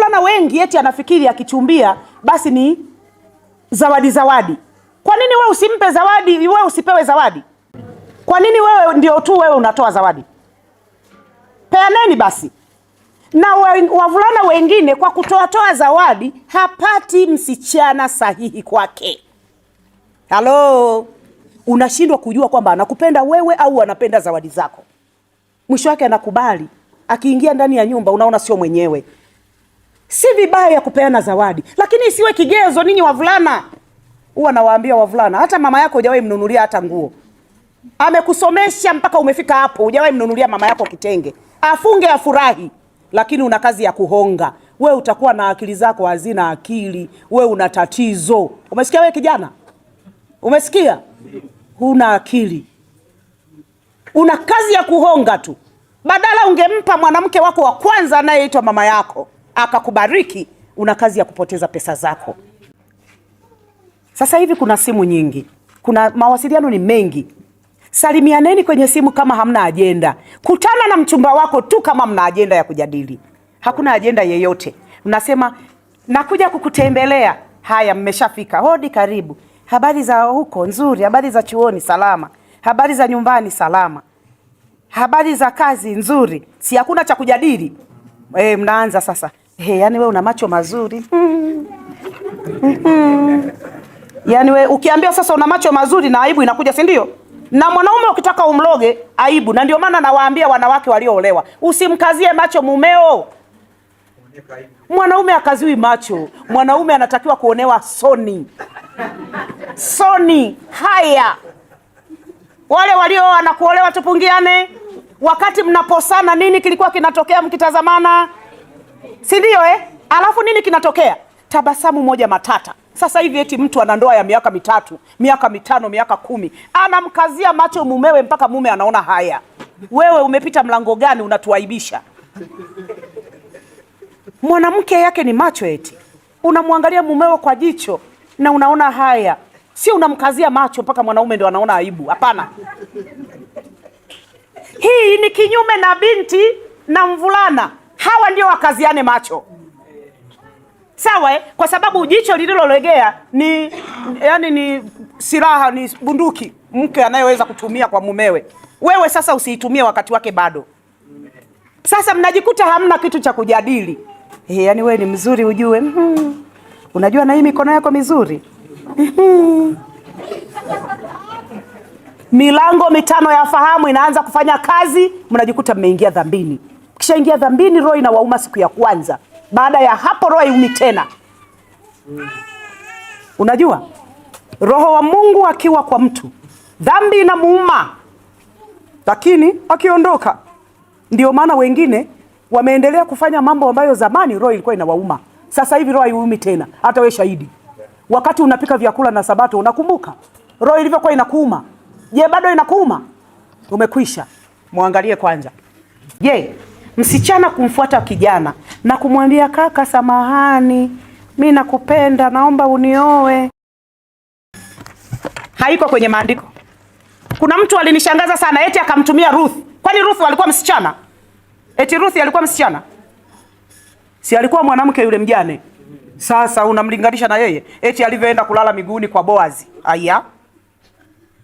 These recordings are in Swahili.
wavulana wengi eti anafikiri akichumbia basi ni zawadi zawadi. Kwa nini wewe usimpe zawadi? Wewe usipewe zawadi? Kwa nini wewe ndio tu wewe unatoa zawadi? Peaneni basi. Na wavulana wengine kwa kutoatoa zawadi hapati msichana sahihi kwake. Halo, unashindwa kujua kwamba anakupenda wewe au anapenda zawadi zako. Mwisho wake anakubali, akiingia ndani ya nyumba unaona sio mwenyewe si vibaya ya kupeana zawadi, lakini isiwe kigezo. Ninyi wavulana, huwa nawaambia wavulana, hata mama yako hujawahi mnunulia hata nguo, amekusomesha mpaka umefika hapo, hujawahi mnunulia mama yako kitenge, afunge afurahi, lakini una kazi ya kuhonga. We utakuwa na akili zako hazina akili, we una tatizo. Umesikia we kijana, umesikia? Huna akili, una kazi ya kuhonga tu. Badala ungempa mwanamke wako wa kwanza anayeitwa mama yako akakubariki, una kazi ya kupoteza pesa zako. Sasa hivi kuna simu nyingi, kuna mawasiliano ni mengi. Salimianeni kwenye simu kama hamna ajenda. Kutana na mchumba wako tu kama mna ajenda ya kujadili. Hakuna ajenda yeyote, mnasema nakuja kukutembelea. Haya, mmeshafika. Hodi, karibu. Habari za huko? Nzuri. Habari za chuoni? Salama. Habari za nyumbani? Salama. Habari za kazi? Nzuri. Si hakuna cha kujadili. E, mnaanza sasa. Hey, yani we una macho mazuri Yani we ukiambia sasa una macho mazuri na aibu inakuja, si ndio? Na mwanaume ukitaka umloge aibu, na ndio maana nawaambia wanawake walioolewa, usimkazie macho mumeo. Mwanaume akaziwi macho, mwanaume anatakiwa kuonewa soni, soni. Haya, wale walioa na kuolewa, tupungiane. Wakati mnaposana nini kilikuwa kinatokea mkitazamana? si ndio eh? Alafu nini kinatokea? Tabasamu moja matata. Sasa hivi eti mtu ana ndoa ya miaka mitatu, miaka mitano, miaka kumi, anamkazia macho mumewe mpaka mume anaona haya. Wewe umepita mlango gani? Unatuaibisha. Mwanamke yake ni macho, eti unamwangalia mumewe kwa jicho na unaona haya, sio unamkazia macho mpaka mwanaume ndio anaona aibu? Hapana, hii ni kinyume na binti na mvulana hawa ndio wakaziane macho sawa eh? Kwa sababu jicho lililolegea ni yani ni silaha, ni bunduki mke anayeweza kutumia kwa mumewe. Wewe sasa usiitumie wakati wake bado. Sasa mnajikuta hamna kitu cha kujadili. He, eh, yani wewe ni mzuri ujue, mm-hmm. Unajua na hii mikono yako mizuri mm-hmm. Milango mitano ya fahamu inaanza kufanya kazi, mnajikuta mmeingia dhambini. Ukishaingia dhambini, roho inawauma siku ya kwanza. Baada ya hapo, roho haiumi tena. Unajua, roho wa Mungu akiwa kwa mtu, dhambi inamuuma, lakini akiondoka. Ndio maana wengine wameendelea kufanya mambo ambayo zamani roho ilikuwa inawauma, sasa hivi roho haiumi tena. Hata we shahidi, wakati unapika vyakula na Sabato, unakumbuka roho ilivyokuwa inakuuma? Je, bado inakuuma? Umekwisha. Mwangalie kwanza, je msichana kumfuata kijana na kumwambia kaka, samahani, mi nakupenda, naomba unioe, haiko kwenye maandiko. Kuna mtu alinishangaza sana, eti akamtumia Ruth. Kwani Ruth alikuwa msichana? Eti Ruth alikuwa msichana? Si alikuwa mwanamke yule mjane. Sasa unamlinganisha na yeye eti alivyoenda kulala miguuni kwa Boazi. Aya,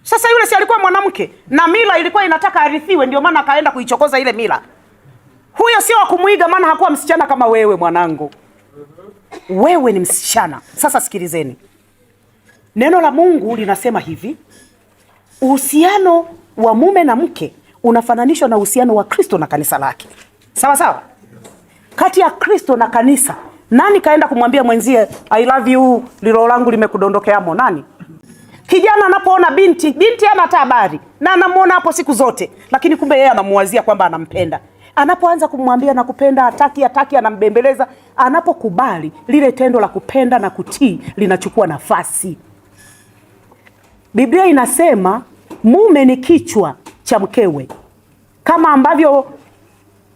sasa yule si alikuwa mwanamke, na mila ilikuwa inataka arithiwe, ndio maana akaenda kuichokoza ile mila. Huyo sio wa kumwiga, maana hakuwa msichana kama wewe mwanangu. Wewe ni msichana. Sasa sikilizeni, neno la Mungu linasema hivi, uhusiano wa mume na mke unafananishwa na uhusiano wa Kristo na kanisa lake. Sawa sawa, kati ya Kristo na kanisa nani kaenda kumwambia mwenzie I love you, lilo langu limekudondokea mo? Nani? Kijana anapoona binti, binti hana hata habari na anamwona hapo siku zote, lakini kumbe yeye anamuwazia kwamba anampenda. Anapoanza kumwambia nakupenda, ataki ataki anambembeleza. Anapokubali lile tendo la kupenda na kutii linachukua nafasi. Biblia inasema mume ni kichwa cha mkewe, kama ambavyo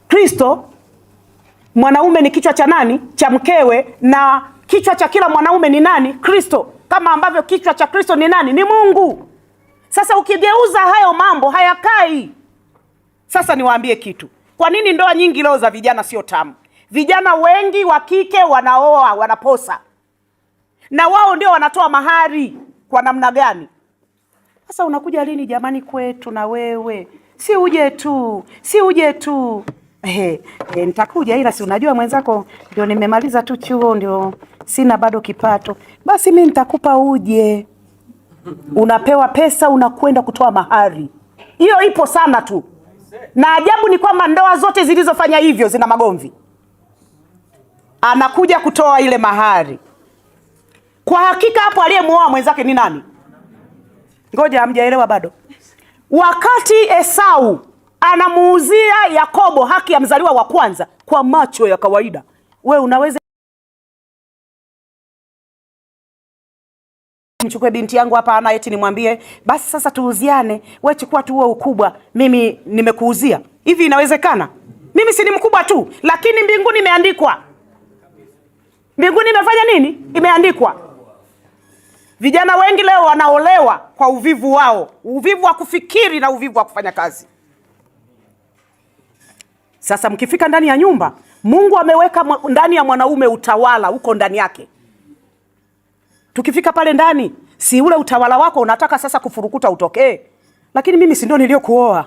Kristo mwanaume ni kichwa cha nani? Cha mkewe. Na kichwa cha kila mwanaume ni nani? Kristo. Kama ambavyo kichwa cha Kristo ni nani? Ni Mungu. Sasa ukigeuza hayo mambo hayakai. Sasa niwaambie kitu, kwa nini ndoa nyingi leo za vijana sio tamu? Vijana wengi wa kike wanaoa, wanaposa, na wao ndio wanatoa mahari. Kwa namna gani? Sasa unakuja lini jamani kwetu? Na wewe si uje tu, si uje tu. Ehe, e, nitakuja ila si unajua mwenzako ndio nimemaliza tu chuo, ndio sina bado kipato. Basi mi nitakupa uje. Unapewa pesa unakwenda kutoa mahari, hiyo ipo sana tu na ajabu ni kwamba ndoa zote zilizofanya hivyo zina magomvi. Anakuja kutoa ile mahari, kwa hakika hapo aliyemuoa mwenzake ni nani? Ngoja, hamjaelewa bado. Wakati Esau anamuuzia Yakobo haki ya mzaliwa wa kwanza, kwa macho ya kawaida, we unaweza Mchukue binti yangu hapa ana eti nimwambie basi sasa tuuziane, we chukua tu huo ukubwa, mimi nimekuuzia hivi. Inawezekana? mimi si ni mkubwa tu, lakini mbinguni imeandikwa. Mbinguni imefanya nini? Imeandikwa. Vijana wengi leo wanaolewa kwa uvivu wao, uvivu wa kufikiri na uvivu wa kufanya kazi. Sasa mkifika ndani ya nyumba, Mungu ameweka ndani ya mwanaume utawala, uko ndani yake Tukifika pale ndani, si ule utawala wako unataka sasa kufurukuta utokee. Lakini mimi si ndio niliyokuoa.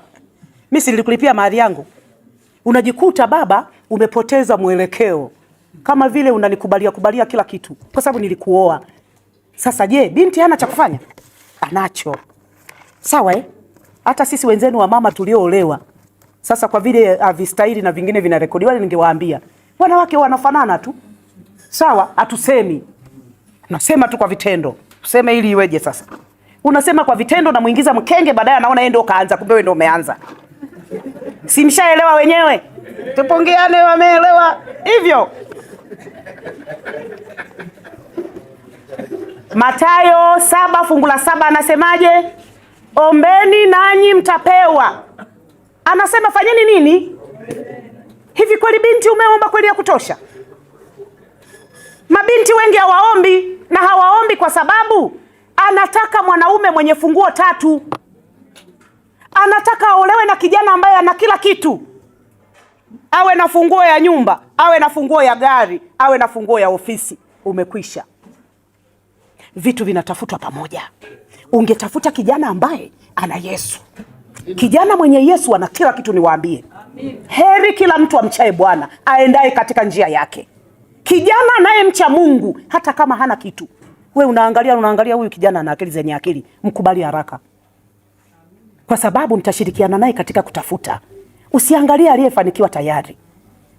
Mimi si nilikulipia mali yangu. Unajikuta baba umepoteza mwelekeo. Kama vile unanikubalia kubalia kila kitu kwa sababu nilikuoa. Sasa je, binti hana cha kufanya? Anacho. Sawa eh? Hata sisi wenzenu wa mama tulioolewa. Sasa kwa vile eh, havistahili na vingine vinarekodiwa, ningewaambia wanawake wanafanana tu. Sawa, hatusemi Unasema tu kwa vitendo. Useme ili iweje sasa? Unasema kwa vitendo na muingiza mkenge baadaye anaona yeye ndio kaanza kumbe wewe ndio umeanza. Simshaelewa wenyewe. Tupongeane wameelewa hivyo. Mathayo saba fungu la saba anasemaje? Ombeni nanyi mtapewa. Anasema fanyeni nini? Hivi kweli binti umeomba kweli ya kutosha? Mabinti wengi hawaombi na hawaombi kwa sababu anataka mwanaume mwenye funguo tatu, anataka aolewe na kijana ambaye ana kila kitu, awe na funguo ya nyumba, awe na funguo ya gari, awe na funguo ya ofisi. Umekwisha, vitu vinatafutwa pamoja. Ungetafuta kijana ambaye ana Yesu, kijana mwenye Yesu ana kila kitu. Niwaambie heri kila mtu amchaye Bwana aendaye katika njia yake. Kijana naye mcha Mungu hata kama hana kitu, we unaangalia unaangalia, huyu kijana ana akili zenye akili, mkubali haraka, kwa sababu mtashirikiana naye katika kutafuta. Usiangalie aliyefanikiwa tayari,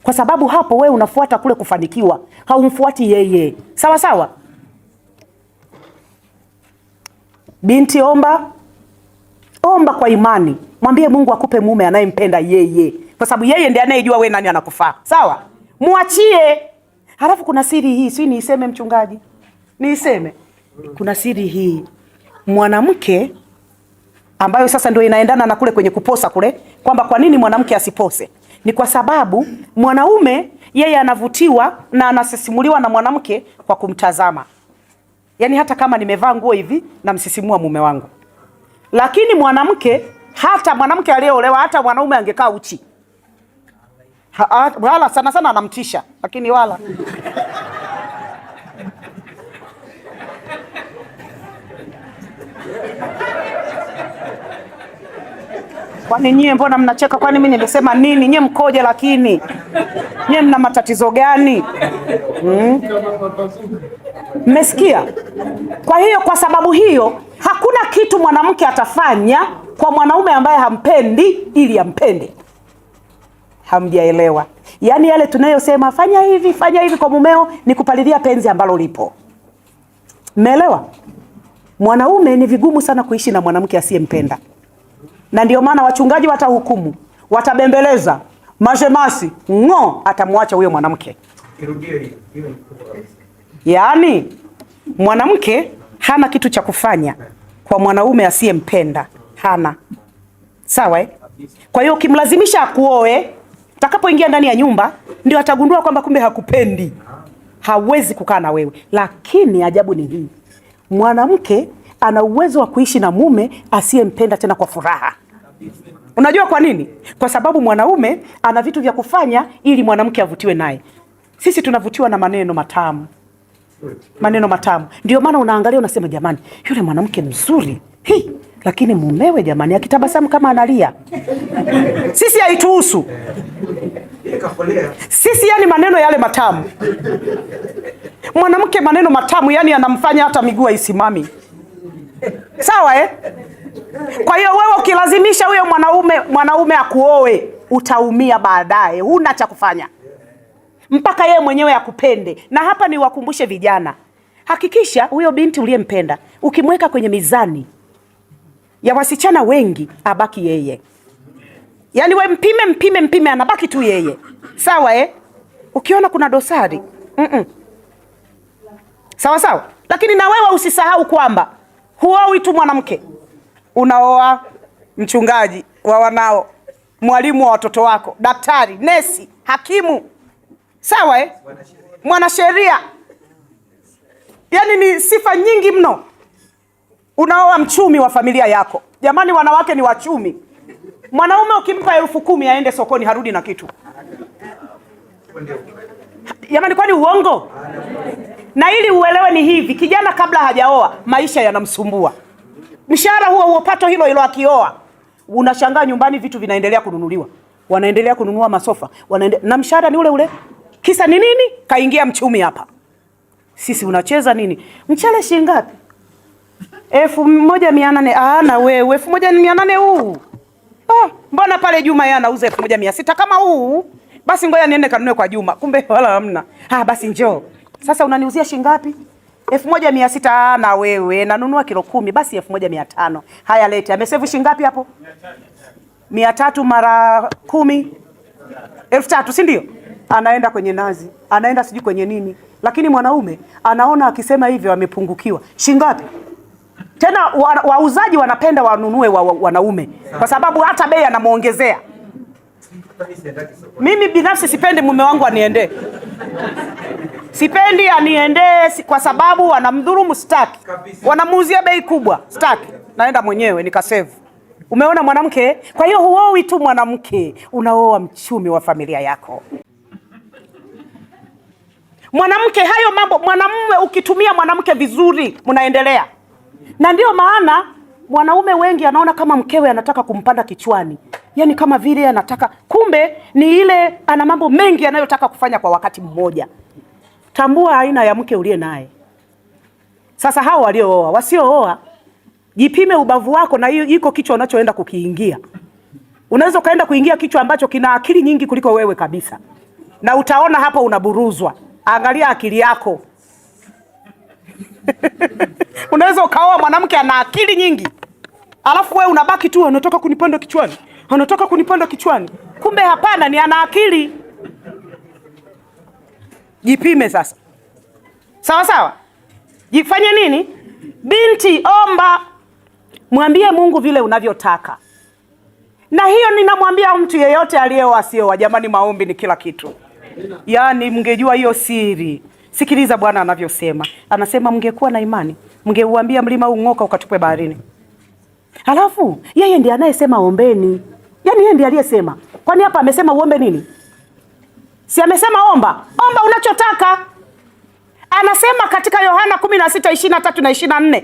kwa sababu hapo we unafuata kule kufanikiwa, haumfuati yeye. Sawa sawa. Binti, omba omba kwa imani, mwambie Mungu akupe mume anayempenda yeye, kwa sababu yeye ndiye anayejua we nani anakufaa. Sawa, mwachie Halafu kuna siri hii, si niiseme mchungaji? Niiseme. Kuna siri hii. Mwanamke ambayo sasa ndio inaendana na kule kwenye kuposa kule, kwamba kwa nini mwanamke asipose? Ni kwa sababu mwanaume yeye anavutiwa na anasisimuliwa na mwanamke kwa kumtazama. Yaani hata kama nimevaa nguo hivi namsisimua mume wangu. Lakini mwanamke hata mwanamke aliyeolewa hata mwanaume angekaa uchi Ha, wala sana sana anamtisha, lakini wala Kwani nyie mbona mnacheka? Kwani mimi nilisema nini? Nyie mkoje? Lakini nyie mna matatizo gani? Hmm? Mmesikia? Kwa hiyo kwa sababu hiyo hakuna kitu mwanamke atafanya kwa mwanaume ambaye hampendi ili ampende hamjaelewa. Yaani yale tunayosema fanya hivi fanya hivi kwa mumeo ni kupalilia penzi ambalo lipo. Mmeelewa? Mwanaume ni vigumu sana kuishi na mwanamke asiyempenda, na ndio maana wachungaji watahukumu, watabembeleza, mashemasi ng'o, atamwacha huyo mwanamke. Yaani mwanamke hana kitu cha kufanya kwa mwanaume asiyempenda, hana sawa eh? Kwa hiyo ukimlazimisha akuoe Takapoingia ndani ya nyumba ndio atagundua kwamba kumbe hakupendi, hawezi kukaa na wewe. Lakini ajabu ni hii, mwanamke ana uwezo wa kuishi na mume asiyempenda tena kwa furaha. Unajua kwa nini? Kwa sababu mwanaume ana vitu vya kufanya ili mwanamke avutiwe naye. Sisi tunavutiwa na maneno matamu, maneno matamu. Ndio maana unaangalia unasema, jamani, yule mwanamke mzuri, hii. Lakini mumewe jamani, akitabasamu kama analia, sisi haituhusu sisi. Yani maneno yale matamu, mwanamke maneno matamu, yani anamfanya hata miguu haisimami sawa, eh? Kwa hiyo wewe ukilazimisha huyo mwanaume mwanaume akuoe utaumia baadaye, huna cha kufanya mpaka yeye mwenyewe akupende. Na hapa niwakumbushe vijana, hakikisha huyo binti uliyempenda ukimweka kwenye mizani ya wasichana wengi abaki yeye. Yaani we mpime mpime mpime, anabaki tu yeye. Sawa eh? Ukiona kuna dosari mm -mm. Sawa sawa, lakini na wewe usisahau kwamba huowi tu mwanamke, unaoa mchungaji wa wanao, mwalimu wa watoto wako, daktari, nesi, hakimu. Sawa eh? mwanasheria, yaani ni sifa nyingi mno unaoa mchumi wa familia yako. Jamani, wanawake ni wachumi. Mwanaume ukimpa elfu kumi aende sokoni harudi na kitu. Jamani, kwani uongo? Na ili uelewe ni hivi, kijana kabla hajaoa maisha yanamsumbua, mshahara huo uopato hilo hilo, akioa unashangaa nyumbani vitu vinaendelea kununuliwa, wanaendelea kununua masofa, wanaende... na mshahara ni ule ule. Kisa ni nini? Kaingia mchumi hapa. Sisi unacheza nini? Mchele shingapi elfu moja mia nane na wewe elfu moja mia nane huu ah, mbona pale Juma yeye anauza elfu moja mia sita kama huu basi ngoja niende kanunue kwa Juma, kumbe wala hamna. Ah, basi njoo sasa, unaniuzia shilingi ngapi? elfu moja mia sita ana wewe nanunua kilo kumi, basi elfu moja mia tano Haya, lete. Amesevu shilingi ngapi hapo? mia tatu mara kumi elfu tatu si ndio? Anaenda kwenye nazi, anaenda sijui kwenye nini, lakini mwanaume anaona akisema hivyo amepungukiwa. Shilingi ngapi? Tena wauzaji wa wanapenda wanunue wa, wa, wanaume kwa sababu hata bei anamwongezea. Mimi binafsi sipendi mume wangu aniendee, sipendi aniendee kwa sababu wanamdhulumu, staki, wanamuuzia bei kubwa, staki, naenda mwenyewe nikasevu. Umeona mwanamke? Kwa hiyo huowi tu mwanamke, unaoa mchumi wa familia yako mwanamke. Hayo mambo mwanamume, ukitumia mwanamke vizuri, mnaendelea na ndio maana wanaume wengi anaona kama mkewe anataka kumpanda kichwani, yaani kama vile anataka, kumbe ni ile ana mambo mengi anayotaka kufanya kwa wakati mmoja. Tambua aina ya mke uliye naye. Sasa hao waliooa, wasiooa, jipime ubavu wako na hiyo iko kichwa unachoenda kukiingia. Unaweza ukaenda kuingia kichwa ambacho kina akili nyingi kuliko wewe kabisa, na utaona hapo unaburuzwa. Angalia akili yako. Unaweza ukaoa mwanamke ana akili nyingi, alafu wewe unabaki tu anatoka kunipanda kichwani, anatoka kunipanda kichwani. Kumbe hapana, ni ana akili. Jipime sasa, sawa sawa. Jifanye nini? Binti, omba, mwambie Mungu vile unavyotaka. Na hiyo ninamwambia mtu yeyote aliyeoa asioa, jamani, maombi ni kila kitu. Yaani mngejua hiyo siri. Sikiliza Bwana anavyosema, anasema mngekuwa na imani mngeuambia mlima ung'oka ukatupwe baharini. Halafu yeye ndiye anayesema ombeni, yaani yeye ndiye aliyesema. Kwani hapa amesema uombe nini? Si amesema omba, omba unachotaka. Anasema katika Yohana 16:23 na 24,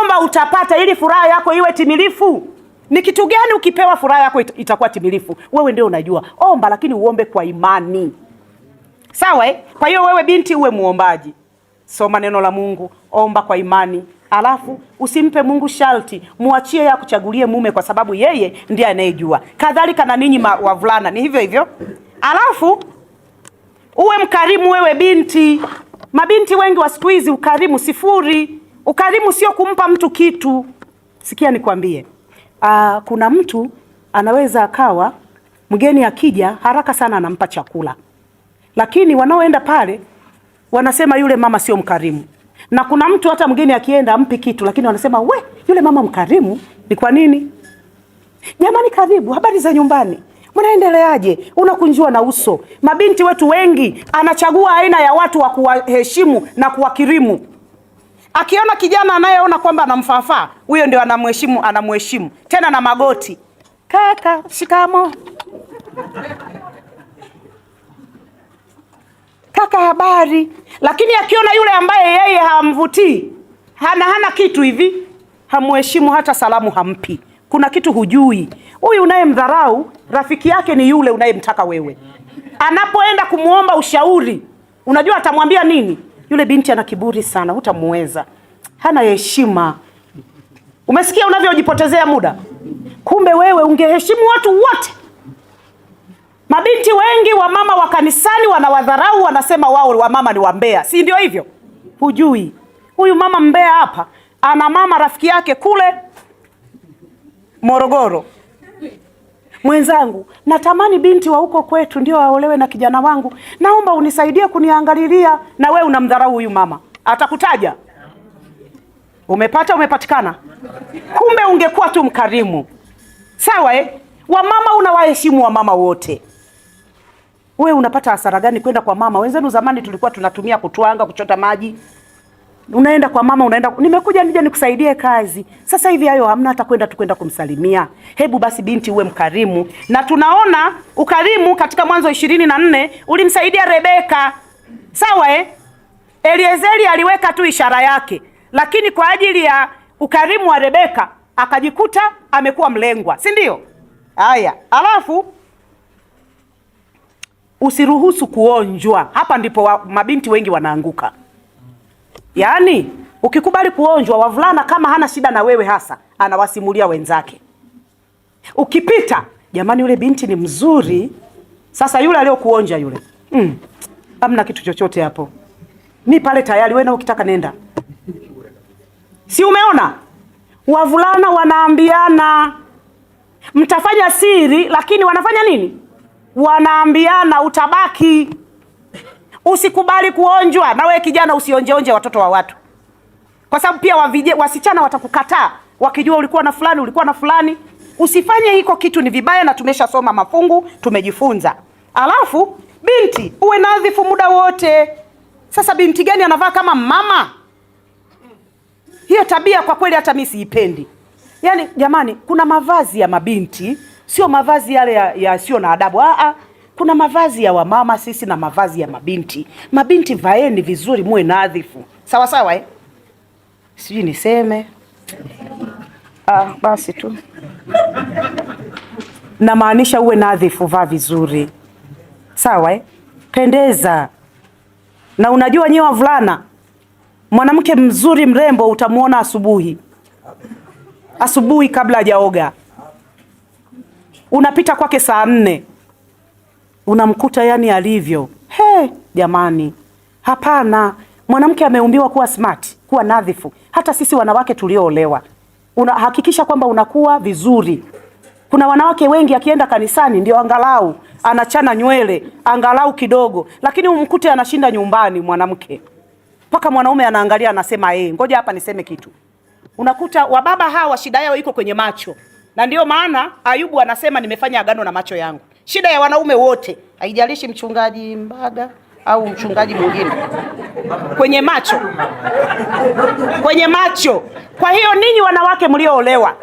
omba utapata, ili furaha yako iwe timilifu. Ni kitu gani ukipewa furaha yako itakuwa timilifu? Wewe ndio unajua. Omba, lakini uombe kwa imani. Sawa eh? Kwa hiyo wewe binti uwe muombaji. Soma neno la Mungu, omba kwa imani. Alafu usimpe Mungu sharti, muachie ya kuchagulie mume kwa sababu yeye ndiye anayejua. Kadhalika na ninyi wavulana ni hivyo hivyo. Alafu uwe mkarimu wewe binti. Mabinti wengi wa siku hizi ukarimu sifuri. Ukarimu sio kumpa mtu kitu. Sikia nikwambie. uh, kuna mtu anaweza akawa mgeni akija haraka sana anampa chakula lakini wanaoenda pale wanasema yule mama sio mkarimu, na kuna mtu hata mgeni akienda ampi kitu, lakini wanasema we, yule mama mkarimu. Ni kwa nini jamani? Karibu, habari za nyumbani, mnaendeleaje? Unakunjua na uso. Mabinti wetu wengi anachagua aina ya watu wa kuwaheshimu na kuwakirimu. Akiona kijana anayeona kwamba anamfaafaa, huyo ndio anamheshimu, anamheshimu tena na magoti. Kaka, shikamo kaka habari, lakini akiona yule ambaye yeye hamvutii hana hana kitu hivi, hamuheshimu hata salamu hampi. Kuna kitu hujui. Huyu unayemdharau rafiki yake ni yule unayemtaka wewe. Anapoenda kumwomba ushauri, unajua atamwambia nini? Yule binti ana kiburi sana, hutamuweza, hana heshima. Umesikia unavyojipotezea muda? Kumbe wewe ungeheshimu watu wote Mabinti wengi wa mama wa kanisani wanawadharau, wanasema wao wamama ni wambea, si ndio hivyo? Hujui huyu mama mbea hapa ana mama rafiki yake kule Morogoro. Mwenzangu, natamani binti wa huko kwetu ndio aolewe na kijana wangu, naomba unisaidie kuniangalilia. Na we unamdharau huyu mama, atakutaja umepata, umepatikana. Kumbe ungekuwa tu mkarimu, sawa eh? Wamama, unawaheshimu wamama wote wewe unapata hasara gani kwenda kwa mama? Wenzenu zamani tulikuwa tunatumia kutwanga, kuchota maji. Unaenda kwa mama, unaenda nimekuja nije nikusaidie kazi. Sasa hivi hayo hamna, hata kwenda tu kwenda kumsalimia. Hebu basi binti uwe mkarimu, na tunaona ukarimu katika Mwanzo ishirini na nne ulimsaidia Rebeka, sawa eh? Eliezeri aliweka tu ishara yake, lakini kwa ajili ya ukarimu wa Rebeka akajikuta amekuwa mlengwa, si ndio? Haya, alafu usiruhusu kuonjwa. Hapa ndipo wa, mabinti wengi wanaanguka. Yaani ukikubali kuonjwa, wavulana kama hana shida na wewe hasa, anawasimulia wenzake. Ukipita, jamani, yule binti ni mzuri. Sasa yule aliyokuonja yule, mm, amna kitu chochote hapo, mi pale tayari, wewe na ukitaka nenda. Si umeona wavulana wanaambiana, mtafanya siri, lakini wanafanya nini? wanaambiana utabaki. Usikubali kuonjwa. Na wewe kijana, usionjeonje watoto wa watu, kwa sababu pia wavije, wasichana watakukataa wakijua ulikuwa na fulani, ulikuwa na fulani. Usifanye hiko kitu, ni vibaya, na tumeshasoma mafungu, tumejifunza. Alafu binti uwe nadhifu muda wote. Sasa binti gani anavaa kama mama? Hiyo tabia kwa kweli hata mimi siipendi. Yaani jamani, kuna mavazi ya mabinti sio mavazi yale yasiyo ya na adabu. Aa, ah, ah. kuna mavazi ya wamama sisi na mavazi ya mabinti. Mabinti vaeni vizuri, muwe nadhifu, sawa sawa eh? Sijui niseme ah, basi tu namaanisha uwe nadhifu, vaa vizuri, sawa eh? Pendeza. Na unajua nyewe wavulana, mwanamke mzuri mrembo utamwona asubuhi, asubuhi kabla hajaoga unapita kwake saa nne unamkuta yani alivyo. He, jamani, hapana. Mwanamke ameumbiwa kuwa smart, kuwa nadhifu. Hata sisi wanawake tulioolewa, unahakikisha kwamba unakuwa vizuri. Kuna wanawake wengi akienda kanisani ndio angalau anachana nywele angalau kidogo, lakini umkute anashinda nyumbani mwanamke, mpaka mwanaume anaangalia anasema, eh, ngoja hapa niseme kitu. Unakuta wababa hawa shida yao iko kwenye macho na ndio maana Ayubu anasema nimefanya agano na macho yangu. Shida ya wanaume wote, haijalishi mchungaji Mbaga au mchungaji mwingine, kwenye macho, kwenye macho. Kwa hiyo ninyi wanawake mlioolewa,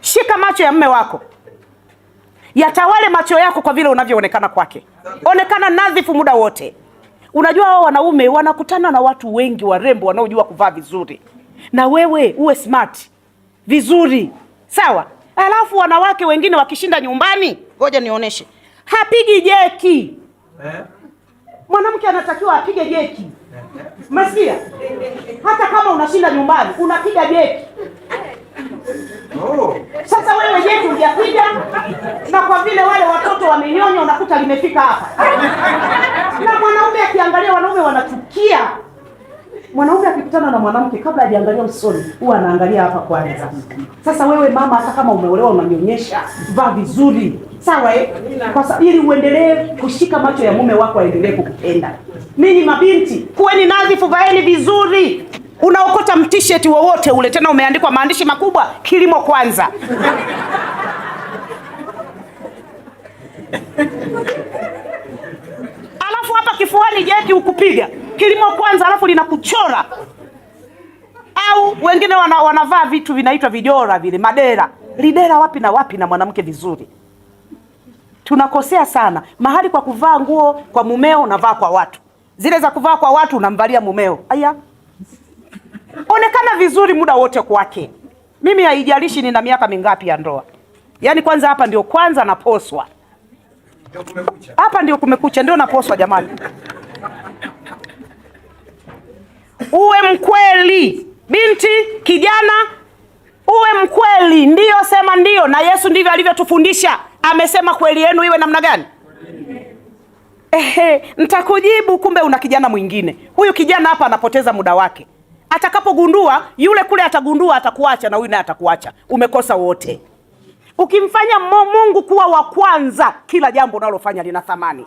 shika macho ya mme wako yatawale macho yako kwa vile unavyoonekana kwake. Onekana nadhifu muda wote. Unajua, hao wanaume wanakutana na watu wengi warembo wanaojua kuvaa vizuri, na wewe uwe smart vizuri sawa. Alafu wanawake wengine wakishinda nyumbani, ngoja nionyeshe, hapigi jeki eh. Mwanamke anatakiwa apige jeki, eh? Masikia, Hata kama unashinda nyumbani unapiga jeki. Oh. Sasa wewe jeki ujapiga na kwa vile wale watoto wamenyonya, unakuta limefika hapa na mwanaume akiangalia, wanaume wanachukia Mwanaume akikutana na mwanamke kabla hajaangalia usoni huwa anaangalia hapa kwanza. Sasa wewe mama, hata kama umeolewa unanyonyesha, vaa vizuri, sawa eh? Kwa sababu ili uendelee kushika macho ya mume wako aendelee kukupenda. Ninyi mabinti, kuweni nadhifu, vaeni vizuri. Unaokota mtisheti wowote ule, tena umeandikwa maandishi makubwa, kilimo kwanza. Alafu hapa kifuani jeti ukupiga kilimo kwanza, alafu linakuchora au wengine wana, wanavaa vitu vinaitwa vidora vile madera lidera wapi na wapi na mwanamke vizuri. Tunakosea sana mahali kwa kuvaa nguo kwa mumeo, unavaa kwa watu zile za kuvaa kwa watu unamvalia mumeo. Aya, onekana vizuri muda wote kwake. Mimi haijalishi nina miaka mingapi ya ndoa, yaani kwanza hapa ndio kwanza naposwa, hapa ndio kumekucha, ndio naposwa jamani uwe mkweli. Binti, kijana, uwe mkweli. Ndiyo, sema ndiyo, na Yesu ndivyo alivyotufundisha. Amesema kweli yenu iwe namna gani? Ehe, ntakujibu. Kumbe una kijana mwingine. Huyu kijana hapa anapoteza muda wake, atakapogundua yule kule atagundua, atakuacha na huyu naye atakuacha. Umekosa wote. Ukimfanya Mungu kuwa wa kwanza, kila jambo unalofanya lina thamani.